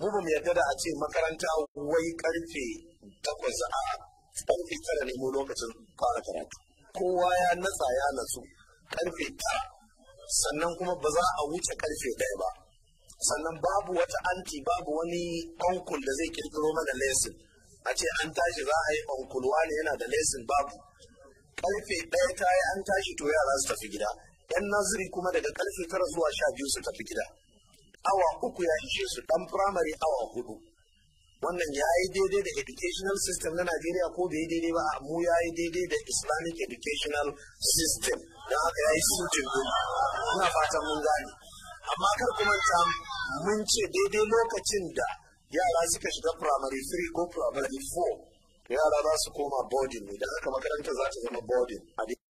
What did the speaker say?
mu ba mu yarda da a ce makaranta wai karfe takwas a karfe tara ne mu lokacin fara karatu kowa ya natsa ya natsu karfe tara sannan kuma ba za a wuce karfe ɗaya ba sannan babu wata anti babu wani onkul da zai kirkiro mana lesson a ce an tashi za a yi onkul wani yana da lesson babu karfe ɗaya ta yi an tashi to yara su tafi gida yan naziri kuma daga karfe tara zuwa sha biyu su tafi gida awa uku ya ishe su dan firamare awa hudu wannan ya yi daidai da educational system na Najeriya ko bai ya daidai ba mu ya yi daidai da Islamic educational system Da aka ya yi sujin goma fatan mun gane amma kar kuma ta mun ce daidai lokacin da yara suka shiga firamare 3 ko primary 4 yara za su koma boarding ne da haka makaranta za ta zama boarding